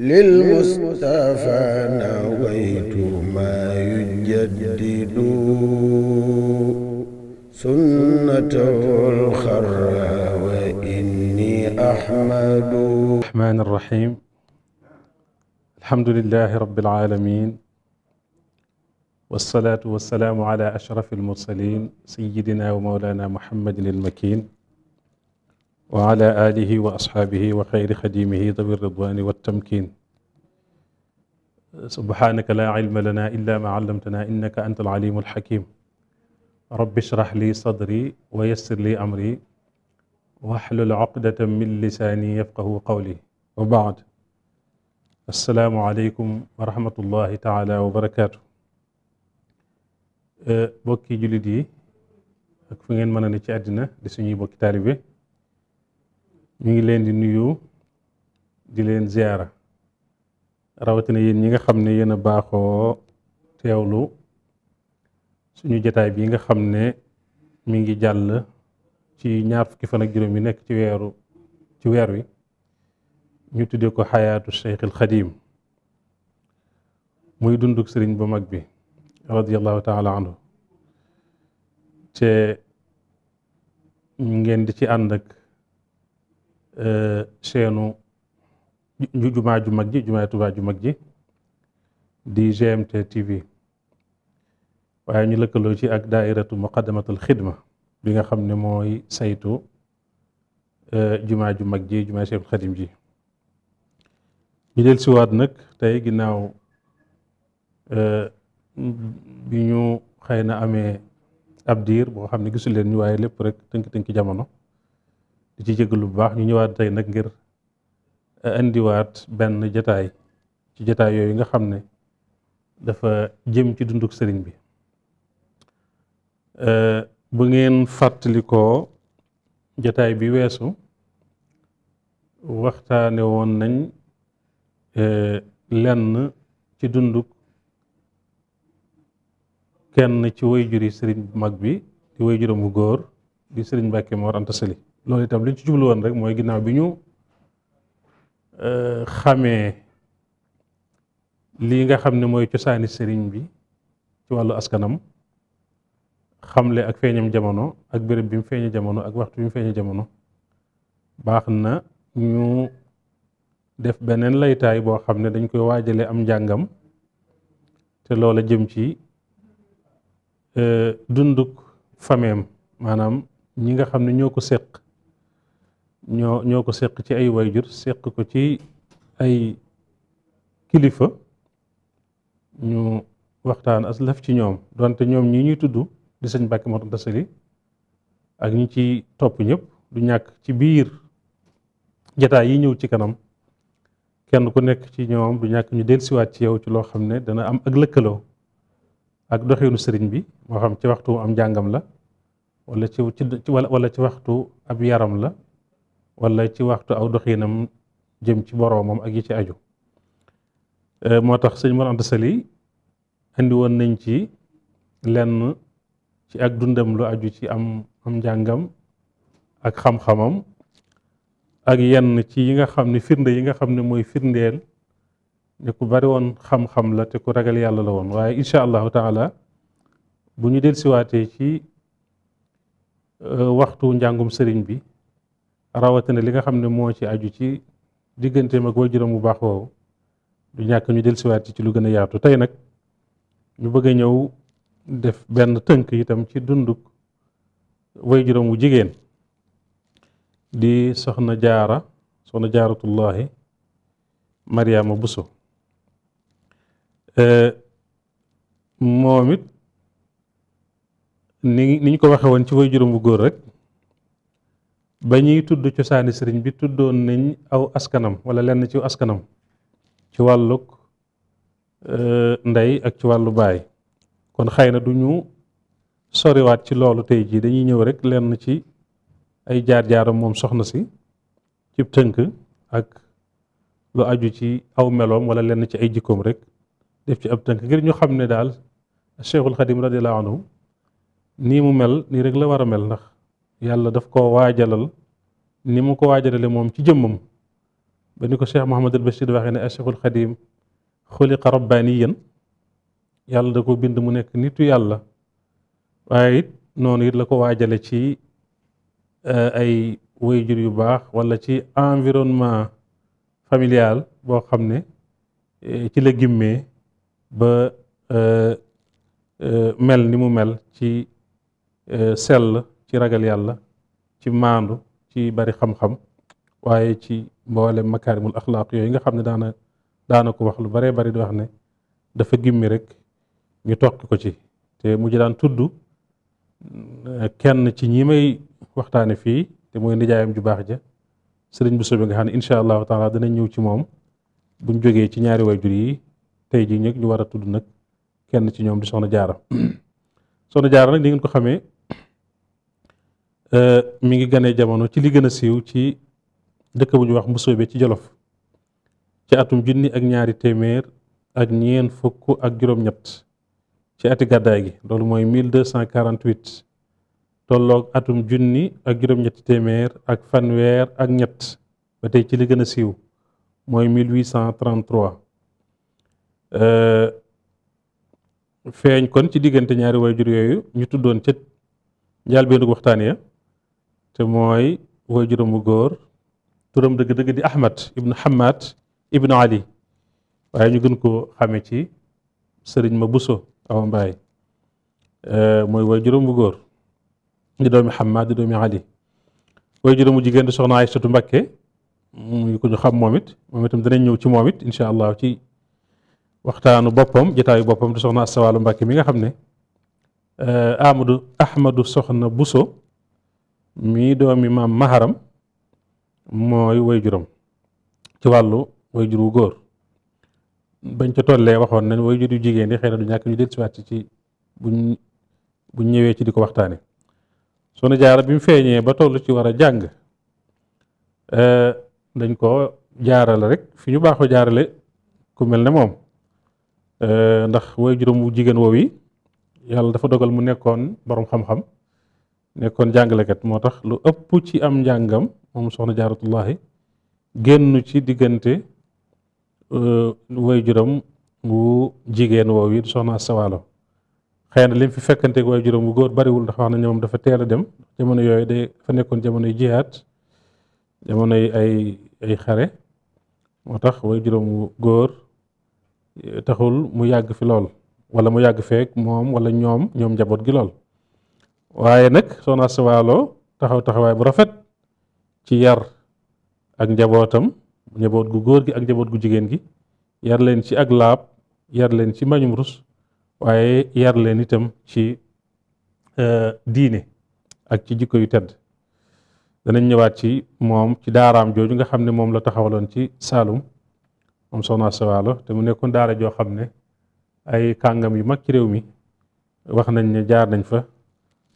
للمصطفى نويت ما يجدد سنته الخرى وإني أحمد الرحمن الرحيم الحمد لله رب العالمين والصلاة والسلام على أشرف المرسلين سيدنا ومولانا محمد المكين wa ala alihi wa asxaabihi wa xayri xadimihi dawi ridwani wattamkin subhanaka la ilma lana illa ma allamtana innaka anta alalimu alxakim rabbi shrah li sadri wa yassir li amri waxlul uqdatan min lisaani yafqahu qawli wa baad assalaamu aleykum wa rahmatullahi taala wa barakaatu bokki jullit yi ak fu ngeen mën a ne ci àddina di suñuy bokki taalibe ñu ngi leen di nuyu di leen ziara rawatina yéen ñi nga xam ne yéen baaxoo teewlu suñu jataay bi nga xam ne mi ngi jàll ci ñaar fukki fan ak juróom nekk ci weer wi ñu tuddee ko xayaatu Cheikh al Xadim muy dunduk sëriñ bu mag bi radiallahu taala anhu te ngeen di ci ànd ak Eh, seenu jumaa ju mag ji jumaa ju mag ji di GMT TV waaye ñu lëkkaloo ci ak daairatu muqaddamatul xidma bi nga xam ne mooy saytu eh, jumaa ju mag ji jumaa Seexul Xadim ji ñu del siwaat nag tey ginnaaw eh, bi ñu xëy na amee ab diir boo xam ne gisul leen ñu waaye lépp rek tënk-tënk jamono ci jégalu lu baax ñu ñëwaat tey nag ngir eh, indiwaat benn jataay ci jataay yooyu nga xam ne dafa jëm ci dunduk sëriñ bi eh, bu ngeen fàttalikoo jataay bi weesu waxtaane woon nañ eh, lenn ci dunduk kenn ci way juri sëriñ bu mag bi di way juram bu góor di sëriñ Mbàkke Mor Anta Sali loolu itam li ñu ci jublu woon rek mooy ginnaaw bi ñu euh, xamee lii nga xam ne mooy cosaani sëriñ bi ci wàllu askanam xam le ak feeñam jamono ak bërëb bi mu feeñe jamono ak waxtu bi mu feeñe jamono baax na ñu def beneen laytaay boo xam ne dañ koy waajale am njàngam te loola jëm ci euh, dunduk fameem maanaam ñi nga xam ne ñoo ko séq ñoo ñoo ko seq ci ay wayjur seq ko ci ay kilifa ñu waxtaan aslaf ci ñoom donte ñoom ñi ñuy tudd di sëñ Mbàkke Mor Anta Sali ak ñi ci topp ñëpp du ñàkk ci biir jataay yi ñëw ci kanam kenn ku nekk ci ñoom du ñàkk ñu dellusiwaat ci yaw ci loo xam ne dana am ak lëkkaloo ak doxinu sëriñ bi moo xam ci waxtu am njàngam la wala wala ci waxtu ab yaram la wala ci waxtu aw doxinam jëm ci boroomam ak yi ci aju eh, moo tax sëñ Mor Anta Sali indi woon nañ ci lenn ci ak dundam lu aju ci am am njàngam ak xam-xamam ak yenn ci yi nga xam ne firnde yi nga xam ne mooy firndeel ne ku bari woon xam-xam la te ku ragal yàlla la woon waaye incha allahu taala bu ñu dellusiwaatee ci eh, waxtu njàngum sëriñ bi rawatina li nga xam ne moo ci aju ci digganteem ak juróom bu baax woowu du ñàkk ñu dellusiwaat ci lu gën a yaatu tey nag ñu bëgg a ñëw def benn tënk itam ci dunduk juróom wu jigéen di soxna jaara soxna jaaratullahi Mariama Buso eh, moom it ni ni ñu ko waxe woon ci juróom wu góor rek ba ñuy tudd cosaani sëriñ bi tuddoon nañ aw askanam wala lenn ci askanam ci wàllug euh, ndey ak ci wàllu baay kon xëy na du ñu soriwaat ci loolu tey jii dañuy ñëw rek lenn ci ay jaar-jaaram moom soxna si cib tënk ak lu aju ci aw meloom wala lenn ci ay jikkoom rek def ci ab tënk ngir ñu xam ne daal Cheikhul Xadim radiyallahu anhu nii mu mel nii rek la war a mel ndax yàlla daf ko waajalal ni mu ko waajalale moom ci jëmmam ba ni ko cheikh Mouhamadul Bachir waxee ne acheikhul xadim ni yen yàlla da ko bind mu nekk nitu yàlla waaye it noonu it la ko waajale ci eh, ay wayjur yu baax wala ci environnement familial boo xam ne eh, ci la gimmee ba eh, mel ni mu mel ci sell ci ragal yàlla ci maandu ci bari xam-xam waaye ci mboole makaarimul axlaaq yooyu nga xam ne daana daana ko wax lu baree bari di wax ne dafa gimmi rek ñu tokki ko ci te mujj daan tudd mm, kenn ci ñi may waxtaane fii te mooy nijaayam ju baax ja sëriñ bu soobee nga xam ne incha allahu taala danañ ñëw ci moom buñ jógee ci ñaari wayjur yi tey ji ñëg ñu war a tudd nag kenn ci ñoom di soxna jaara soxna jaara nag ni ngeen ko xamee Euh, mi ngi ganee jamono ci li gën a siiw ci dëkk bu ñu wax Mbusoobe ci Jolof ci atum junni ak ñaari téeméer ak ñeen fukk ak juróom-ñett ci ati gàddaay gi loolu mooy mille deux cent quarante huit atum junni ak juróom-ñetti téeméer ak fanweer ak ñett ba tey ci li gën a siiw mooy mille huit cent trente trois euh, feeñ kon ci diggante ñaari waajur yooyu ñu tuddoon ca njàlbéenu waxtaan ya te mooy woy juróom góor turam dëgg-dëgg di ñu gën ko xame ci sëriñ ma Buso awa Mbaay euh, mooy woy juróom góor di doomi Hamad di doomi Ali woy juróom jigéen di soxna Aysatu Mbakke muy ko ñu xam moom it moom danañ ñëw ci moom it allah ci waxtaanu boppam jataayu boppam di soxna Asawalu Mbakke mi nga xam ne euh, Amadou Ahmadou soxna Buso mii doomi maam maharam mooy woy juróom ci wàllu woy wu góor bañ ca tollee waxoon nañ waajur yu jigéen xëy na du ñàkk ñu dellusiwaat ci buñ ñëwee ci di ko waxtaane Soxna Jaara bi feeñee ba toll ci war a jàng eh, dañ ko jaarale rek fi ñu baaxoo jaarale ku mel ne moom eh, ndax waajuram wu jigéen woow yi yàlla dafa dogal mu nekkoon boroom xam-xam nekkoon jàngalekat moo tax lu ëpp ci am njàngam moom soxna jaaratullahi génn ci diggante euh, way juram wu jigéen woow yi soxna sawaalo xëy na lim fi fekkante way juram wu góor bariwul ndax wax na ñoom dafa teel a dem jamono yooyu day fa nekkoon jamonoy jihaat jamonoy ay ay xare moo tax way juróom wu góor eh, taxul mu yàgg fi lool wala mu yàgg feek moom wala ñoom ñoom njaboot gi lool waaye nag soxna Asta taxaw taxawaay bu rafet ci yar ak njabootam njaboot gu góor gi ak njaboot gu jigéen gi yar leen ci ak laab yar leen ci mbañum rus waaye yar leen itam ci e, diine ak ci jikko yu tedd danañ ñëwaat ci moom ci daaraam jooju nga xam ne moom la taxawaloon ci Saalum moom soxna Asta te mu nekkoon daara joo xam ne ay kàngam yu mag ci réew mi wax nañ ne jaar nañ fa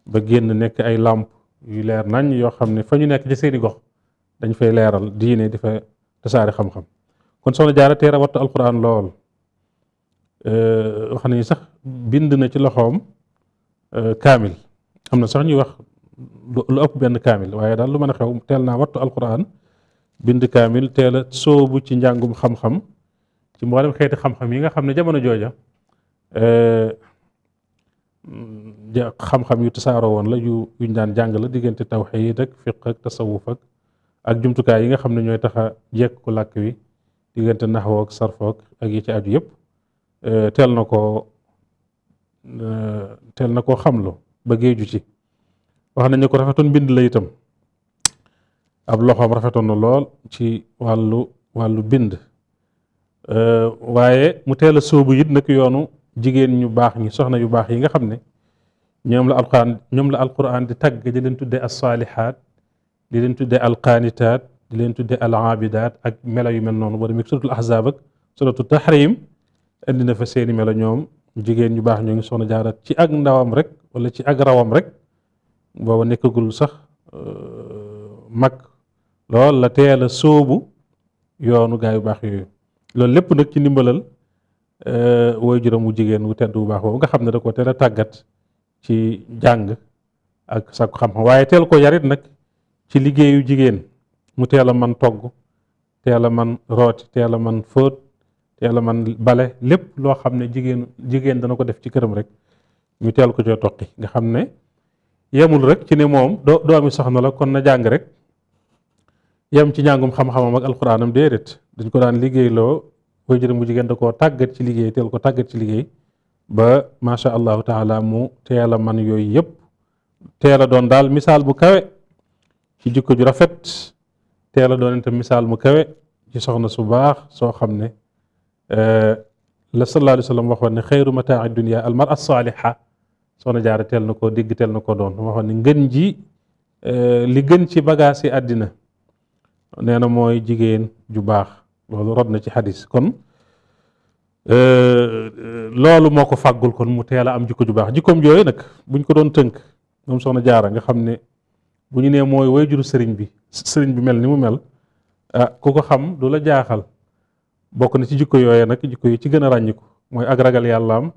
ba génn nekk ay làmp yu leer nañ yoo xam ne fa ñu nekk ci seeni gox dañ fay leeral diine di fa tasaare xam-xam kon soxna jaara teer a wattu alquran lool wax nañu sax bind na ci loxoom euh, kaamil am na sax ñuy wax lu ëpp benn kaamil waaye daal lu mën a xew teel naa wattu alquran bind kaamil teel a ci njàngum xam-xam ci mboolem xeeti xam-xam yi nga xam ne jamono jooja euh, xam-xam yu tasaaroo woon la yu yuñ daan jàng la diggante tawxiid ak fiq ak tasawuf ak ak jumtukaay yi nga xam ne ñooy tax a ko làkk wi diggante naxwoo sarfook ak yi ci aju yëpp euh, teel na ko euh, teel na koo xamlu ba géeju ci wax nañu ko rafetoon mbind la itam ab loxoom rafetoon na lool ci wàllu wàllu bind euh, waaye mu teel a sóobu it nag yoonu jigéen ñu baax ñi soxna yu baax yi nga xam ne ñoom la alquran ñoom la alquran di tagg di leen tuddee alsaalihaat di leen tuddee alqaanitaat di leen tuddee alaabidaat ak melo yu mel noonu boo demee suratul ahzab ak suratul tahrim indi na fa seeni melo ñoom jigéen ñu baax ñoo ngi soxna jaarat ci ak ndawam rek wala ci ak rawam rek booba nekkagul sax euh, mag lool la teel a sóobu yoonu gaa yu baax yooyu loolu lépp nag ci ndimbalal euh, woy juróom wu jigéen wu tedd wu baax boobu nga xam ne da ko teel a tàggat ci jàng ak sàkku xam-xam waaye teel ko yarit nag ci liggéeyu jigéen mu teel a man togg teel a man rooti teel a man fóot teela man bale lépp loo xam ne jigéen jigéen dana ko def ci këram rek ñu teel ko coo toqi nga xam ne yemul rek ci ne moom doo doomi soxna la kon na jàng rek yem ci njàngum xam-xamam ak alxuraanam déedéet dañ ko daan liggéey loo koy jërëm bu jigéen da koo tàggat ci liggéey teel ko tàggat ci liggéey ba macha allahu taala mu teel man yooyu yëpp teel a doon daal misaal bu kawe ci jikko ju rafet teel a doon itam misaal mu kawe ci soxna su baax soo xam ne eh, la sallallahu alayhi wa sallam waxoon ne xayru mataa dunia al mara saaliha soxna jaara teel na ko dégg teel na ko doon waxoon ne ngën ji eh, li gën ci bagaas yi àddina nee na mooy jigéen ju baax loolu rod na ci xadis kon Euh, euh, loolu moo ko fàggul kon mu teel am jikko ju baax jikkoom jooyu nag buñ ko doon tënk moom soxna jaara nga xam ne bu ñu nee mooy way juru sëriñ bi sëriñ bi mel ni mu mel ah ku ko xam du la jaaxal bokk na ci jikko yooye nag jikko yi ci gën a ràññiku mooy ak ragal yàlla am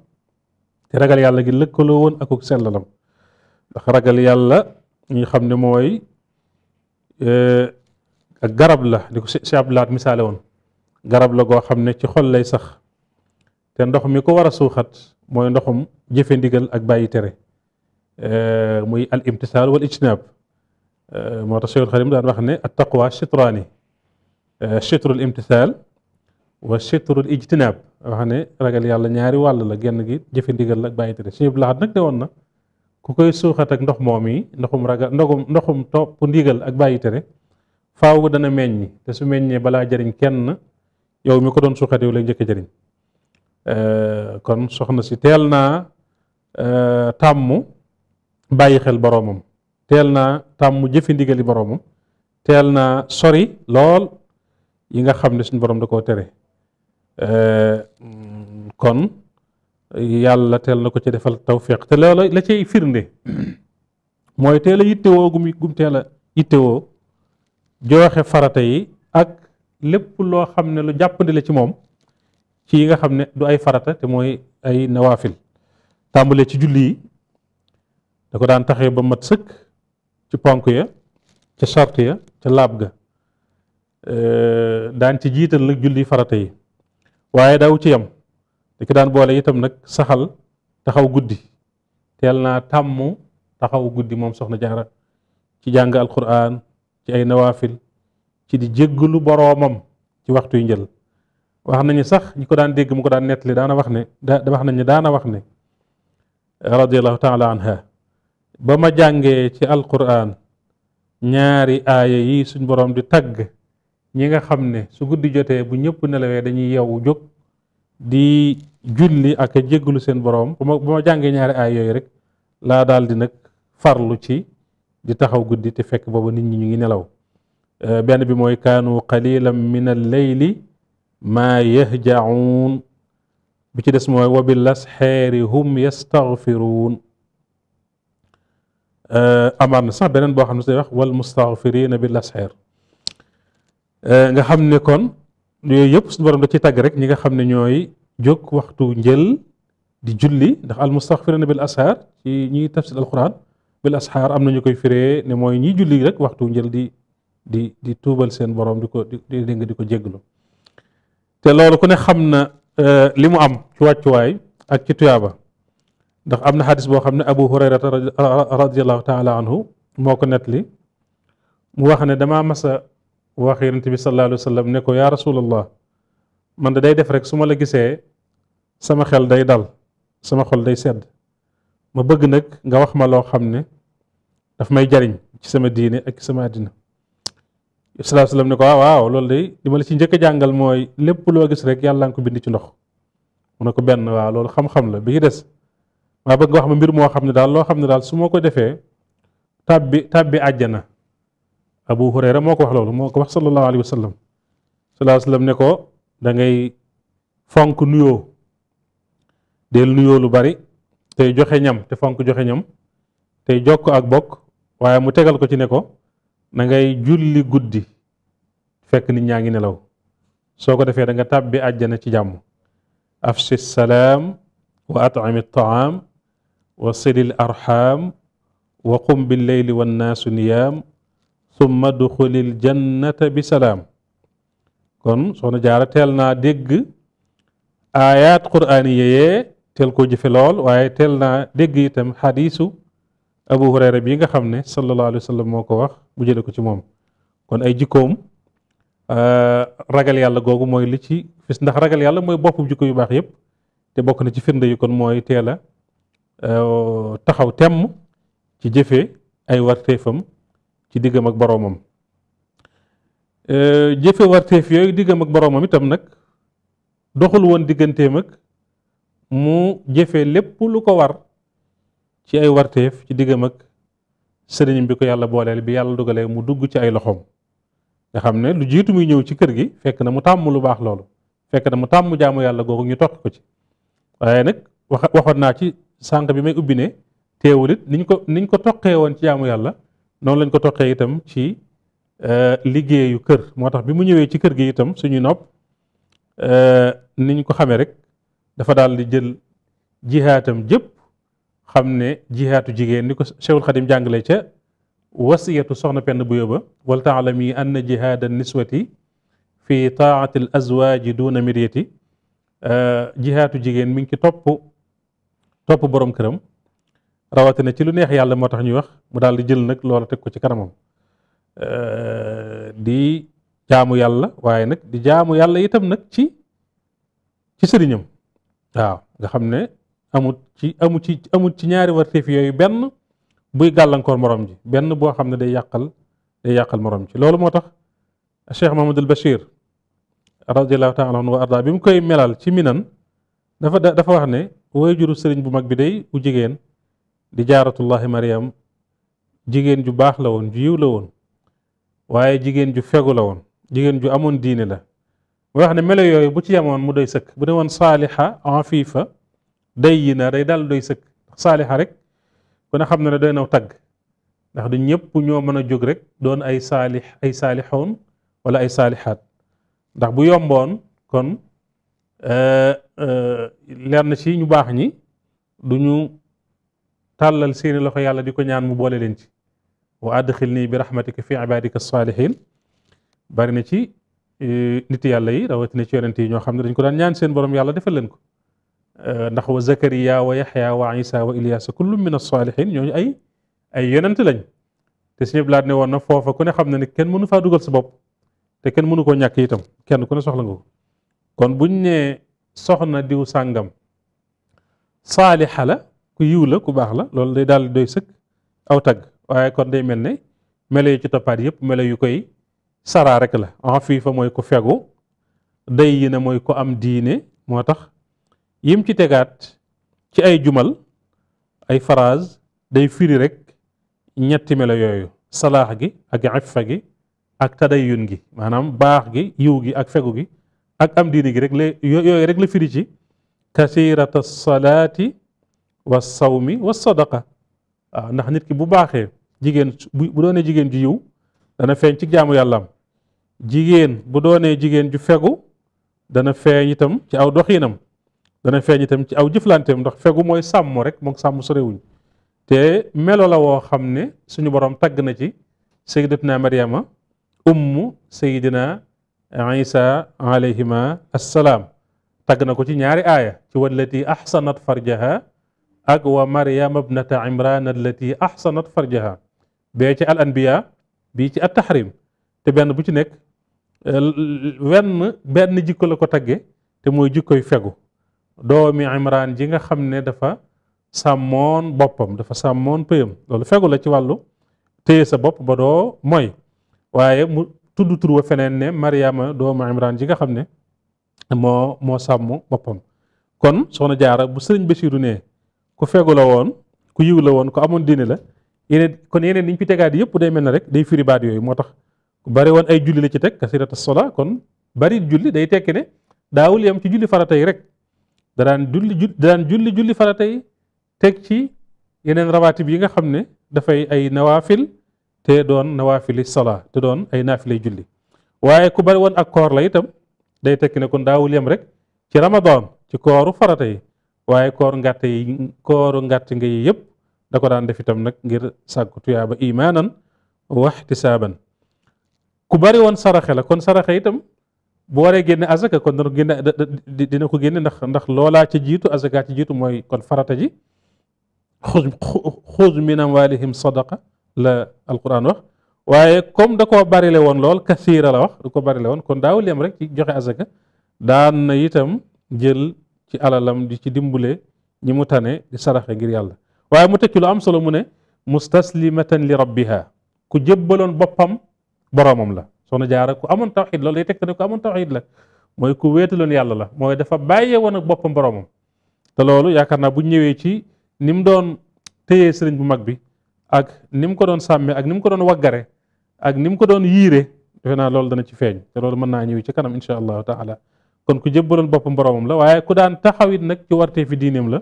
te ragal yàlla gi lëkkaloo woon ak sellalam ndax ragal yàlla ñu xam ne mooy eh, ak garab la ni ko si abdulaat misaale woon garab la goo xam ne ci xol lay sax te ndox mi ko war a suuxat mooy ndoxum jëfe ndigal ak bàyyi tere euh, muy al imtisaal wal ijtinaab euh, moo tax Cheikhul Xadim daan wax ne at taqwa chitraani chitrul euh, imtisaal wa chitrul ijtinaab wax ne ragal yàlla ñaari wàll la genn gi jëfe ndigal ak bàyyi tere suñu laxat nag ne woon na ku koy suuxat ak ndox moom yi ndoxum ragal ndoxum ndoxum topp ndigal ak bàyyi tere faaw dana meññ te su meññee balaa jariñ kenn yow mi ko doon suuxat yow lay njëkk jëriñ Euh, kon soxna si teel naa euh, tàmm bàyyi xel boroomam teel naa tàmm jëfi ndigali boroomam teel naa sori lool yi nga xam ne suñu boroom da koo tere euh, kon yàlla teel na ko ci defal tawféex te loola la cay firnde mooy teel a yittewoo gum gum teel a yittewoo farata yi ak lépp loo xam ne lu jàppandi la ci moom ci yi nga xam ne du ay farata te mooy ay nawaafil tàmbalee ci julli yi da ko daan taxee ba mat sëkk ci ponk ya ca sart ya ca laab ga daan ci jiital nag julli farata yi waaye daaw ci yam da ki daan boole itam nag saxal taxaw guddi teel naa tàmm taxaw guddi moom soxna jaara ci jàng alquran ci ay nawaafil ci di jéggalu boroomam ci waxtu yu njël wax nañu sax ñi ko daan dégg mu ko daan nettali daana wax ne da wax nañu daana wax ne radiallahu taala anha ba ma jàngee ci alquran ñaari aaya yi suñ boroom di tagg ñi nga xam ne su guddi jotee bu ñëpp nelawee dañuy yow jóg di julli ak a seen boroom bu ma jàngee ñaari aaya yooyu rek laa daal di nag farlu ci di taxaw guddi te fekk booba nit ñi ñu ngi nelaw benn bi mooy kaanu qalilan min al layli maa yahjacuun bi ci des mooy wa bil asxeeri hum yastaxfiruun eh, amaat na sax beneen boo xam ne si wax wal mustaxfirina bil asxeer eh, nga xam ne kon yooyu yëpp suñu borom da ci tàgg rek ñi nga xam ne ñooy jóg waxtu njël di julli ndax al mustaxfirina bil asxaar ci ñiy tafsir alquran bil asxaar am na ñu koy firee ne mooy ñiy julli rek waxtu njël di di di tuubal seen borom di ko di di ko jéglu te loolu ku ne xam na euh, li mu am ci wàccuwaay ak ci tuyaaba ndax am na xadis boo xam ne abu hurayrata radiallahu taala anhu moo ko nettali mu wax ne damaa masa wax yonent bi sallallahu alayhi wa sallam ne ko yaa rasulallah man day def rek su ma la gisee sama xel day dal sama xol day sedd ma bëgg nag nga wax ma loo xam ne daf may jariñ ci sama diine ak ci sama àddina sallallahu alayhi wasallam ne ko ah, waaw loolu de li ma la ci njëkk a jàngal mooy lépp loo gis rek yàlla nga ko bind ci ndox mu ne ko benn waaw loolu xam-xam la bi ngi des waaw bëgg nga wax ma mbir moo xam ne daal loo xam ne daal su ma ko defee tàbbi tàbbi àjjana Abu Hurayra moo ko wax loolu moo ko wax sallallahu alayhi wasallam sallallahu alayhi ne ko dangay fonk nuyoo del nuyoo lu bari tey joxe ñam te fonk joxe ñam tey jokk ak bokk waaye mu tegal ko ci ne ko na ngay julli guddi fekk nit ñaa ngi nelaw soo ko defee danga nga tàbbi àjjana ci jàmm afshi salaam wa at'imi taam wa silil arxam wa qum billeyli wannaasu niyaam summa duxulil jannata bi salaam kon soxna jaara teel naa dégg aayaat quraani yeyee teel koo jëfe lool waaye teel naa dégg itam xadiisu abu hurayra bi nga xam ne sallallahu alayhi wa moo ko wax mu jële ko ci moom kon ay jikkoom euh, ragal yàlla googu mooy li ci fis ndax ragal yàlla mooy bopp jikko yu baax yëpp te bokk na ci firnde yi kon mooy teel a euh, taxaw temm ci jëfe ay warteefam ci diggam ak boroomam euh, jëfe warteef yooyu diggam ak boroomam itam nag doxul woon digganteem ak mu jëfe lépp lu ko war ci ay warteef ci diggam sëriñam bi ko yàlla booleel bi yàlla dugalee mu dugg ci ay loxoom nga xam ne lu jiitu muy ñëw ci kër gi fekk na mu tàmm lu baax loolu fekk na mu tàmm jaamu yàlla googu ñu toq ko ci waaye nag wax waxoon naa ci sànq bi may ubbi ne teewul it niñ ko niñ ko toqee woon ci jaamu yàlla noonu lañ ko toqee itam ci e, liggéeyu kër moo tax bi mu ñëwee ci kër gi itam suñu nopp e, niñ ko xamee rek dafa daal di jël jihaatam jëpp xam ne jihaatu jigéen ni ko Cheikhul Xadim jàngale ca wasiyatu soxna penn bu yóbba wal taalami anna jihaada niswati fi taati l azwaaji duna miryati jihaatu jigéen mi ngi ci topp topp borom këram rawatina ci lu neex yàlla moo tax ñuy wax mu daal di jël nag loola teg ko ci kanamam di jaamu yàlla waaye nag di jaamu yàlla itam nag ci ci sëriñam nga xam ne amut ci amu ci amut ci ñaari warteef yooyu benn buy gàllankoor moroom ji benn boo xam ne day yàqal day yàqal moroom ji loolu moo tax Cheikh Mahamadul Bachir radiallahu taala anhu wa arda bi mu koy melal ci minan dafa dafa wax ne wayjuru sëriñ bu mag bi day u jigéen di jaaratullahi Mariam jigéen ju baax la woon ju yiw la woon waaye jigéen ju fegu la woon jigéen ju amoon diine la wax ne melo yooyu bu ci yemoon mu doy sëkk bu ne woon saaliha afifa day yii naa day daal doy sëkk saalixa rek kon ne xam na ne doy naw tagg ndax du ñëpp ñoo mën a jóg rek doon ay saalix ay saalixoon wala ay saalixaat ndax bu yomboon kon eh, eh, leer na ci ñu baax ñi du ñu tàllal seeni loxo yàlla di ko ñaan mu boole leen ci wa adxil nii bi rahmatika fi ibadika saalihin bari na ci eh, nit yàlla yi rawatina ci yonent yi ñoo xam ne dañ ko daan ñaan seen borom yàlla defal leen ko Euh, ndax wa zakariya wa yaxya wa isa wa ilyasa kullu min as-salihin ñooñu ay ay yonent lañ te suñu blaat ne woon na foofa ku ne xam na ne kenn mënu faa dugal sa bopp te kenn mënu koo ñàkk tam kenn ku ne soxla nga ko kon buñ ne soxna diw sàngam saalixa la ku yiw la ku baax la loolu day daal doy sëkk aw tagg waaye kon day mel ne mela yu ci toppaat yëpp melo yu koy saraa rek la en fii fa mooy ku fegu day yi ne mooy ku am diine moo tax yim ci tegaat ci ay jumal ay phrase day firi rek ñetti melo yooyu salaax gi ak affa gi ak tadayun gi maanaam baax gi yiw gi ak fegu gi ak am diini gi rek la yooyu rek la firi ci kasirata salaati wa sawmi wa sadaqa ndax nit ki bu baaxee jigéen bu doonee jigéen ju yiw dana feeñ ci jaamu yàllaam jigéen bu doonee jigéen ju fegu dana feeñ itam ci aw doxiinam dana feeñ tam ci aw jëflanteem ndox fegu mooy sàmm rek moom sàmm sorewuñ te melo la woo xam ne suñu boroom tagg na ci sayyidatuna Maryama ummu sayyidina Isa alayhima assalaam tagg na ko ci ñaari aaya ci wallati ahsanat farjaha ak wa Maryama ibnata Imran allati ahsanat farjaha bee ci al anbiya bii ci at tahrim te benn bu ci nekk wenn benn jikko la ko tagge te mooy jikkoy fegu doomi imraan ji nga xam ne dafa sàmmoon boppam dafa sàmmoon pëyam loolu fegu la ci wàllu téye sa bopp ba doo mooy waaye mu tudd tur wa feneen ne mariama doomu imraan ji nga xam ne moo moo sàmm boppam kon na jaara bu sëriñ Basiiru ne ku fegu la woon ku yiw la woon ku amoon diine la yeneen kon yeneen niñ fi tegaat yëpp day mel ne rek day firi baat yooyu moo tax bari woon ay julli la ci teg kasirata sola kon bari julli day tekki ne daawul yam ci julli farata yi rek daraan julli julli julli farata yi teg ci yeneen rawaatib yi nga xam ne dafay ay nawaafil te doon nawaafili sola te doon ay naafilay julli waaye ku bari woon ak koor la itam day tekki ne kon daawul yem rek ci ramadan ci kooru farata yi waaye koor ngàtt yi kooru ngàtt nga yi yëpp da ko daan def itam nag ngir sàkku tuyaaba imaanan wa ihtisaaban ku bari woon saraxe la kon saraxe itam boo waree génne azaka kon dana génne dina ko génne ndax ndax loolaa ca jiitu azaka ci jiitu mooy kon farata ji xuz xuz min amwalihim sadaqa la alquran wax waaye comme da koo barile woon lool kasiira la wax da ko barile woon kon daawul yem rek ci joxe azaka daan na itam jël ci alalam di ci dimbule ñi mu tane saraxe ngir yàlla waaye mu tekki lu am solo mu ne mustaslimatan li rabbiha ku jébbaloon boppam boromam la soxna jaara ku amoon tawxid loolu day teg ne ku amoon tawxid la mooy ku wéetaloon yàlla la mooy dafa bàyyee woon ak boppam boromam te loolu yaakaar naa bu ñëwee ci ni mu doon téyee sëriñ bu mag bi ak ni mu ko doon sàmmee ak ni mu ko doon waggare ak ni mu ko doon yiire defe naa lool dana ci feeñ te loolu mën naa ñëw ci kanam insha allahu taala kon ku jébbaloon boppam boromam la waaye ku daan taxawit nag ci warte fi diineem la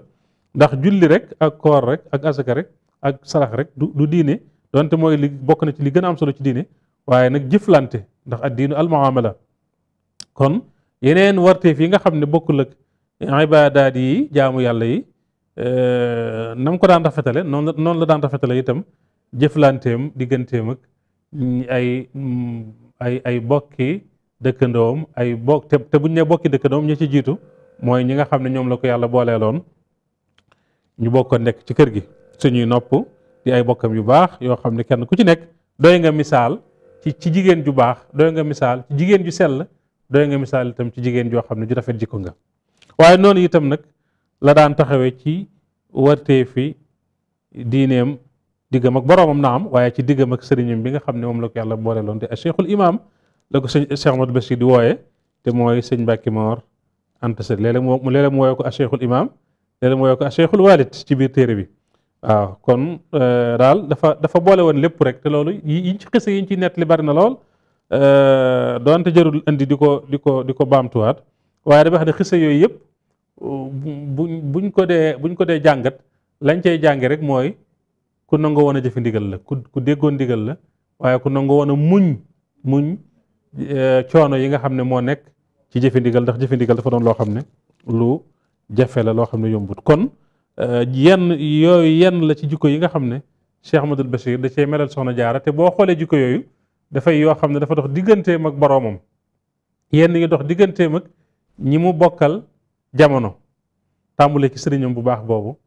ndax julli rek ak koor rek ak asaka rek ak sarax rek du diine donte mooy li bokk na ci li gën a am solo ci diine waaye nag jëflante ndax addiinu almuamala kon yeneen warteef yi nga xam ne bokkul ak ibaadaat yi jaamu yàlla yi euh, nam ko daan rafetale noonu noonu la daan rafetale itam jëflanteem digganteem ak ay ay ay bokki dëkkandoom ay bokk te buñ ne bokki dëkkandoom ñi ci jiitu mooy ñi nga xam ne ñoom la ko yàlla booleeloon ñu bokk nekk ci kër gi suñuy nopp di ay bokkam yu baax yoo xam ne kenn ku ci nekk doy nga misaal ci ci jigéen ju baax doy nga misaal ci jigéen ju sell doy nga misaal itam ci jigéen joo xam ne ju rafet jikko nga waaye noonu itam nag la daan taxawee ci wartee fi diineem diggam ak boroomam naam waaye ci diggam ak sëriñam bi nga xam ne moom la ko yàlla boole loon te cheikhul imam la ko sëñ Cheikh Ahmadou Bachir di wooye te mooy sëñ Mbàkke Moor Anta Sali léeg-léeg mu wooye ko a cheikhul imam léeg-léeg mu wooye ko a cheikhul walid ci biir téere bi waaw kon euh, daal dafa dafa boole woon lépp rek te loolu yiñ ci xise ñu ci nett li bari na lool euh, doonte jarul indi di ko di ko di ko baamtuwaat waaye dama xam ne xise yooyu yëpp buñ buñ ko dee buñ ko dee jàngat lañ cey jànge rek mooy ku nangoo woon a jëfi ndigal la ku déggoon ndigal la waaye ku nangoo woon a muñ muñ euh, coono yi nga xam ne moo nekk ci jëfi ndigal ndax jëfi ndigal dafa doon loo xam ne lu jafe la loo xam ne yombut kon Euh, yenn yooyu yenn la ci jikko yi nga xam ne Cheikh Ahmadul Bachir da cee melal soxna jaara te boo xoolee jikko yooyu dafay yoo xam ne dafa dox digganteem ak boroomam yenn yi dox digganteem ak ñi mu bokkal jamono tàmbule ci sëriñam bu baax boobu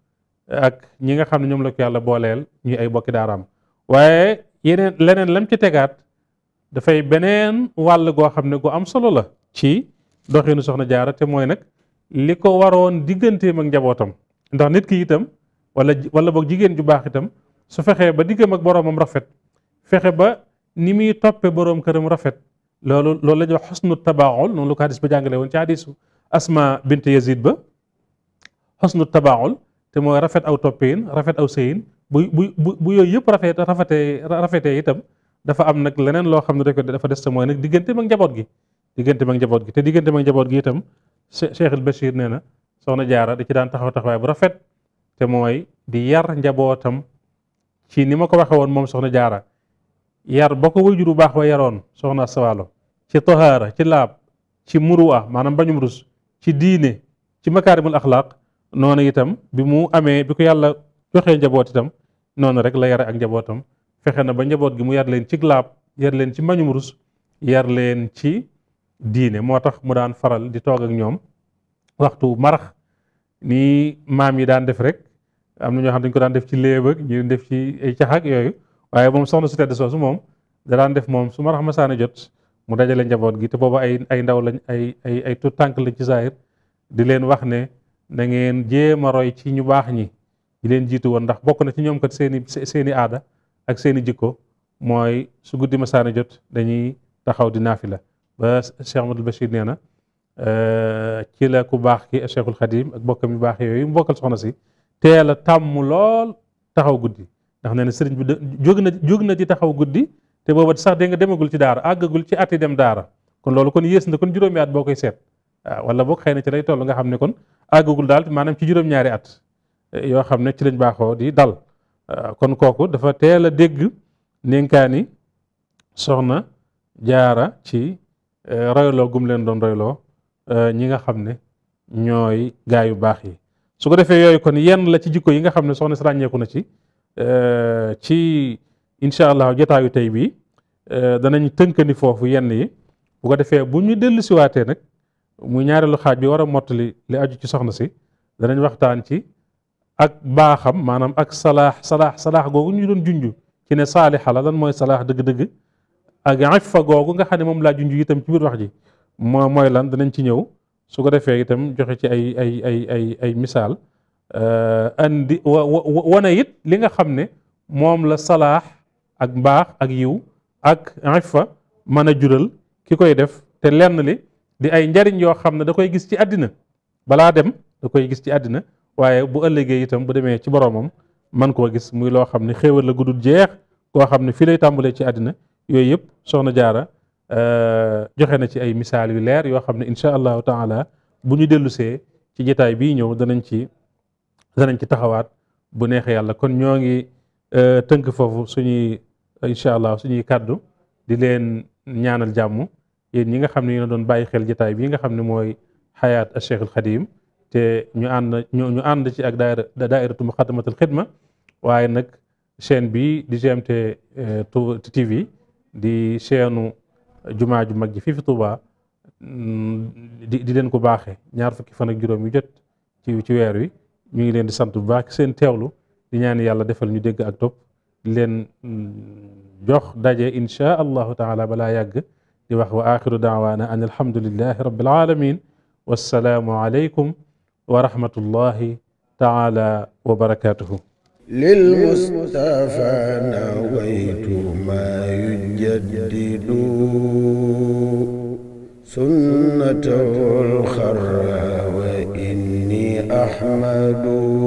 ak ñi nga xam ne ñoom la ko yàlla booleel ñuy ay bokki daaraam waaye yeneen leneen lam ci tegaat dafay beneen wàll goo xam ne gu am solo la ci doxinu soxna jaara te mooy nag li ko waroon digganteem ak njabootam ndax nit ki itam wala wala boog jigéen ju baax itam su fexee ba diggam ak boroomam rafet fexe ba ni muy toppe boroom këram rafet loolu loolu la ñuy wax xosnu tabaaxul noonu lu ko ba jàngale woon ci hadisu asma bint yazid ba xosnu tabaaxul te mooy rafet aw toppiin rafet aw sëyin bu bu bu yooy yëpp rafet rafetee rafetee itam dafa am nag leneen loo xam ne rek dafa des te mooy nag diggante mag njaboot gi diggante mag njaboot gi te diggante mag njaboot gi itam Cheikh al nee na soxna jaara da ci daan taxaw taxawaay bu rafet te mooy di yar njabootam ci ni ma ko waxe woon moom soxna jaara yar ba ko wajuru baax wa yaroon soxna sawaalo ci tohaara ci laab ci muruwa maanaam bañum rus ci diine ci makaarimul axlaaq noonu itam bi mu amee bi ko yàlla joxee njaboot itam noonu rek la yare ak njabootam fexe na ba njaboot gi mu yar leen ci laab yar leen ci mbañum rus yar leen ci diine moo tax mu daan faral di toog ak ñoom waxtu nii maam yi daan def rek am na ñoo xam dañ ko daan def ci léeb ak ñu def ci ay ak yooyu waaye moom soxna su tedd soosu moom da daan def moom su ma raxma saana jot mu dajale njaboot gi te booba ay ay ndaw lañ ay ay tànk lañ ci saahir di leen wax ne na ngeen jéem a roy ci ñu baax ñi di leen jiitu woon ndax bokk na ci ñoom kat seeni i aada ak seen i jikko mooy su guddi ma saana jot dañuy taxaw di naafila ba Cheikh Amadou Bachir nee na ci la ku baax ki Cheikhul Khadim ak bokkam yu baax yooyu mu bokkal soxna si teel a tàmm lool taxaw guddi ndax nee na sëriñ bi jóg na jóg na ci taxaw guddi te booba sax dégg nga demagul ci daara àggagul ci ati dem daara kon loolu kon yées na kon juróomi at boo koy seet waaw wala boog xëy na ci lay toll nga xam ne kon àggagul daal maanaam ci juróom-ñaari at eh, yoo xam ne ci lañ baaxoo di dal ah, kon kooku dafa teel a dégg ndénkaani soxna jaara ci eh, royloo gum leen doon royloo Euh, ñi nga xam ne ñooy gaa yu baax yi su ko defee yooyu kon yenn la ci jikko yi nga xam ne soxna si ràññeeku na ci euh, ci incha allah jotaayu tey bii euh, danañ tënkandi foofu yenn yi bu ko defee bu ñu dellu siwaatee nag muy ñaareelu xaaj bi war a mottali li aju ci soxna si danañ waxtaan ci ak baaxam maanaam ak salaax salaax salaax googu ñu doon junj ci ne saali la lan mooy salaax dëgg-dëgg ak ifa googu nga xam ne moom laa junj itam ci biir wax ji moo mooy lan danañ ci ñëw su ko defee itam joxe ci ay ay ay ay ay misaal euh, andi wa it li nga xam ne moom la salaax ak mbaax ak yiw ak ifa mën a jural ki koy def te lenn li di ay njariñ yoo xam ne da koy gis ci àddina balaa dem da koy gis ci àddina waaye bu ëllëgee itam bu demee ci boromam man koo gis muy loo xam ne xéewal la guddul jeex koo xam ne fii lay tàmbalee ci àddina yooyu yëpp soxna jaara Euh, joxe na ci ay misaal yu leer yoo xam ne incha allahu taala bu ñu dellusee ci jataay bii ñëw danañ ci danañ ci taxawaat bu neexee yàlla kon ñoo ngi euh, tënk foofu suñuy incha allah suñuy kàddu di leen ñaanal jàmm yéen ñi nga xam ne yéen a doon bàyyi xel jataay bii nga xam ne mooy xayaat al Cheikh al Xadim te ñu ànd ñu ànd ci ak daayira daayiratu muxaddamatul xidma waaye nag chaîne bi di GMT euh, TV di chaîne jumaa ju mag ji fii fi Touba di di leen ko baaxee ñaar fukki fan ak juróom yu jot ci ci weer wi ñu ngi leen di sant bu baax seen teewlu di ñaan yàlla defal ñu dégg ak topp leen mm, jox daje insha allahu taala balaa yàgg di wax wa axiru daawaana an alhamdulillahi rabbil alamin wassalaamu aleykum wa rahmatullahi taala wa barakatuhu سنته الخر وإني أحمد